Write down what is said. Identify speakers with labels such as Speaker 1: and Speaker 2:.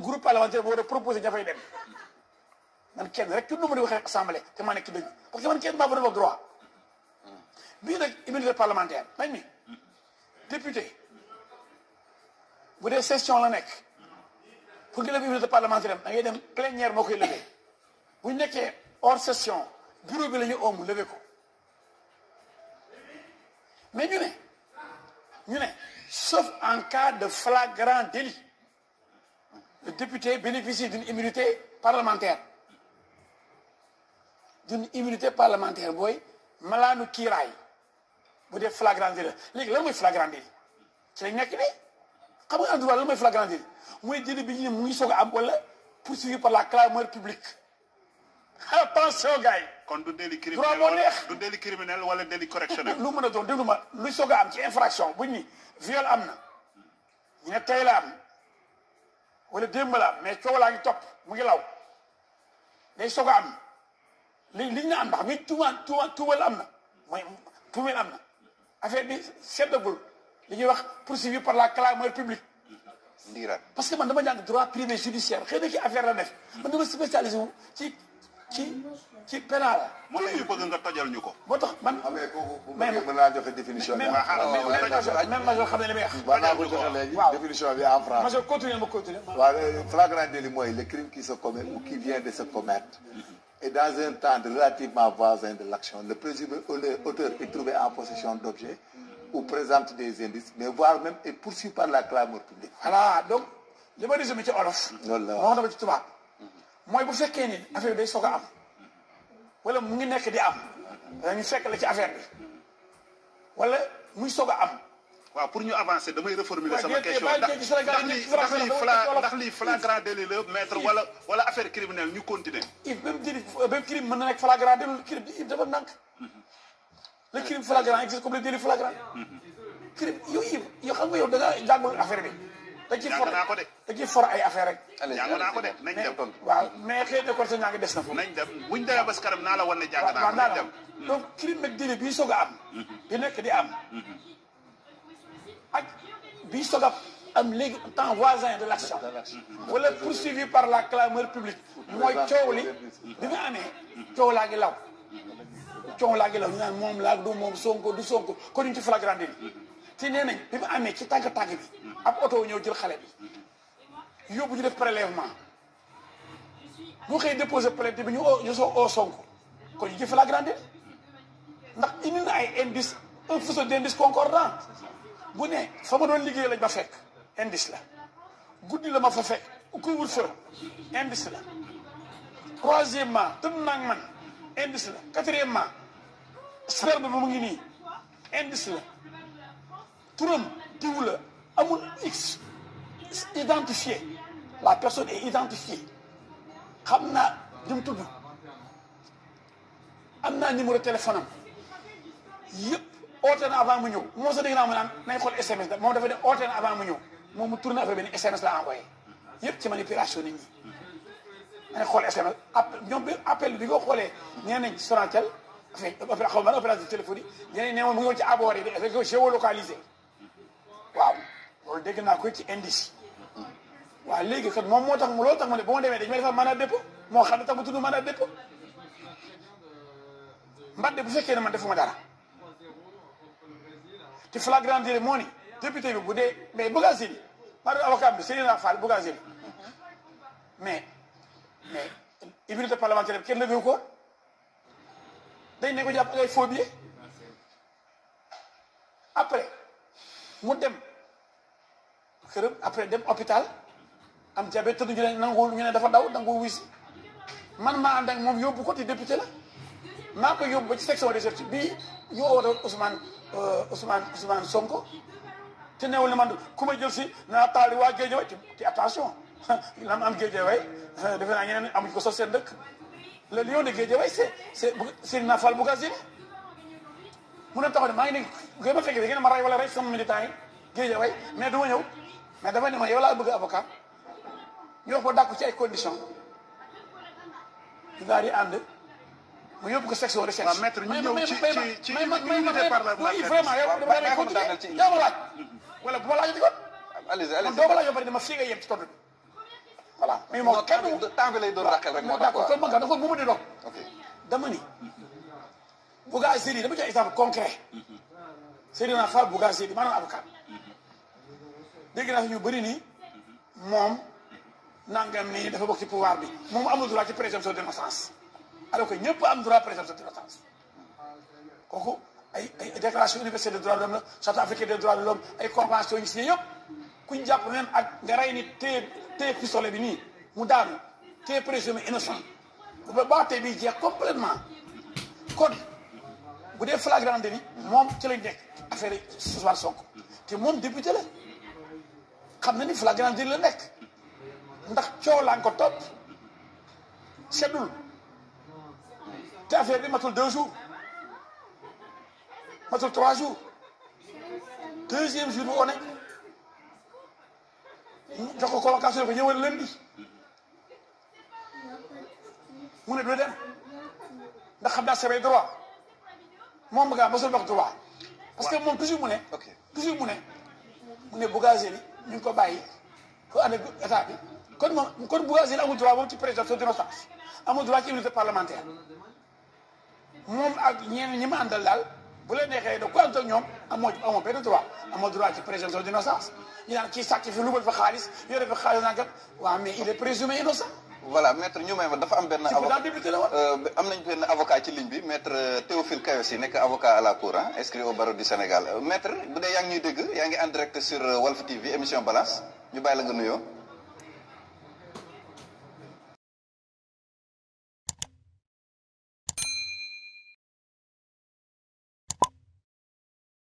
Speaker 1: groupe parlementaire bu war a proposé ña fay dem man kenn rek kenn du ma di waxee assemblée te maa nekk dëgg parce que man kenn maa bëri wax bii nag immunité parlementaire nañ mi député bu dee session la nekk pour nga def immunité parlementaire da ngay dem plénière moo koy levé bu nekk nekkee hors session bureau bi la ñu ëmb levé ko mais ñu ne ñu ne sauf en cas de flagrant délit député bénéficie d'une immunité parlementaire d'une immunité parlementaire booy malaanu kiiraay bu def flagrant la léegi la mooy flagrant délit ci lañ nekk nii xam nga en droit lan mooy flagrant délit mooy délit bi ñu ne mu ngi soog am wala poursuivi par la clameur publique ah, attention gars yi. kon du délit criminel wala du délit criminel wala délit correctionnel. lu mën a doon déglu ma lu soog am ci infraction bu ñu ni am na ñu ne wala démb la mais coow laa ngi topp mu ngi law day soog am li li ñu am ndax mi tuuma tuuma tuubal am na mooy tuumeel am na affaire bi seddagul li ñuy wax poursuivi par la clameur publique. ndiiraan parce que man dama jàng droit privé judiciaire xëy na ci affaire la def man dama wu ci ci pénal la. mun nañu bëgg nga tojal ñu ko. moo tax man mais kooku bu bëggee mën naa joxe définition bi. mais même major xam ne li muy wax. tojal ñu ko waaw waaw définition bi en français. major continuer ma continuer. waaw flagrant délit mooy le crime qui se commet ou qui vient de se commettre. et dans un temps relativement voisin de l'action le présumé auteur est trouvé en possession d'objets ou présente des indices mais voire même est poursuivi par la clameur publique. voilà donc li ma résumé ci olof. loolu la wax dama ci tubaab. mooy bu fekkee ni affaire day soog am wala mu ngi nekk di am dañu fekk la ci affaire bi wala muy soog a am. waaw pour ñu avancer damay reformuler sama question ndax ndax lii fla ndax lii flagrant délit la maître wala wala affaire criminelle ñu continuer. if même délit même crime mën na nekk flagrant délit crime bi if dafa nànk. le crime flagrant existe comme le délit flagrant. Mhm. crime yow if yow xam nga yow da ngaa affaire bi. da ci for da ci for ay affaire rek. jàng naa ko de nañ dem waaw mais xëy na kon sa ñaa ngi des na foofu. nañ dem buñ demee ba si kanam naa la wan ne jàng naa ko nañ dem donc crime ak délit bii soog a am. Mhm. di nekk di am. Mhm. ak bii soog a am léegi temps voisin de l' action. wala mhm. poursuivi par la clameur publique. mooy coow li bi nga amee. coow laa ngi law. coow laa ngi law ñu naan moom laa du moom sonko du sonko ko ñu ci flagrant délit. ci nee nañ bi mu amee ci tànk tànk bi. ab oto wu ñëw jël xale bi yóbbu ñu def prélèvement bu xëy déposé plainte bi ñu oo ñu oo Sonko kon jëf la grande ndax indi na ay indice un faisceau d'indice concordant bu ne fa ma doon liggéey lañ ma fekk indice la guddi la ma fa fekk kuy wut fër indice la troisièmement tëm naag man indice la quatrièmement sphère bi mu ngi nii indice la turam diw amul x identifié la personne est identifiée xam naa jëm tudd am naa numéro téléphone am yëpp oote na avant mu ñëw moo sa dégg naa mu naan nañ xool SMS da moom dafa ne oote avant mu ñëw moom mu tourné affaire benn SMS la envoyé yëpp ci manipulation nit ñi ma ne xool SMS appel ñoom bi appel bi nga xoolee nee nañ Sonatel xaw ma opérateur téléphonique ñeneen ne moom mu ngi woon ci abord yi affaire géolocalisé waaw loolu dégg naa ko ci indice waaw léegi kat moom moo tax mu loolu tax ma ne ba ma demee dañu may defal mandat dépôt moo xam ne tax mu tudd mandat dépôt mbadde bu fekkee ne man defuma dara ci flagrant délit moo ni député bi bu dee mais Bougazelli maa doon avocat bi Serigne Naar Fall Bougazelli mais mais immunité parlementaire bi kenn levé ko dañ ne ko jàpp ay faux billets après mu dem. këram après dem hôpital am diabète tëdd ñu ne nangu ñu ne dafa daw nangu wisi man maa ànd moom yóbbu ko di député la maa ko yóbbu ba ci section recherche bii ñu woote Ousmane euh, Ousmane Ousmane Sonko te newul ne man ku ma jël si naa taali waa Guédiawaye te attention lam am way defe naa ñeneen amuñ ko sos seen dëkk le lion de Guédiawaye se c'est Seydina Fall Bougazine mu ne taxaw ne maa ngi ne gën ma fekkee da ngeen ma rey wala rey sama militant yi Guédiawaye mais du ñëw mais dafa ne ma yow laa bëgg avocat ñu wax ko dàkku ci ay conditions ñu daal ànd mu yóbbu ko section recherche. waaw maître ñu ñëw ci ci ci unité parlementaire vraiment yow dama lay continuer yaa ma laaj wala bu ma laajati ma yoo xam ne dama fii nga yem ci tontu bi rek moo tax quoi d'accord kon man dafa bu ma di doon. dama ni. Bouga Seydi dama jox exemple concret. Mm-hmm. Seydina Fall Bouga dégg naa ñu bëri nii moom nangam ni dafa bokk ci pouvoir bi moom amul droit ci présomption d'innocence alors que ñëpp am droit présomption d'innocence kooku ay ay déclaration universelle de droits de l'homme la charte africaine des droits de l'homme ay convention ñu signé yëpp kuñ jàpp même ak nga rey ni téye téye pistolet bi nii mu daanu téye présumé innocent ba baatee bi jeex complètement kon bu dee flagrant délit moom ci lañ nekk affaire yi Ousmane Sonko te moom député xam na ni flagrant délit la nekk ndax coow laa ko topp seddul te affaire bi matul deux jours matul trois jours deuxième jour bi one jox ko convocation yi ko ñëwal lundi mu ne du dem ndax xam naa samay droit moom nga mosul wax droit parce que moom toujours mu ne mu ne mu ne ñu ngi ko bàyyi ko ànd ak état bi kon moom kon Boubacar amul droit moom ci présomption d'innocence amul droit ci immunité parlementaire moom ak ñenn ñi ma àndal daal bu la neexee da ko ànd ak ñoom amoo amoo benn droit amoo droit ci présomption d'innocence ñu naan kii sàcc fi lubal fa xaalis yore fa xaalis naan kat waaw mais il est présumé innocent voilà maître ñu may dafa am benn avocat euh, am benn avocat ci ligne bi maître euh, Théophile Kayosi nekk avocat à la cour inscrit au du Sénégal euh, maître bu dee yaa ngi ñuy dégg yaa ngi en direct sur Walf TV émission balance ñu bàyyi la nga nuyoo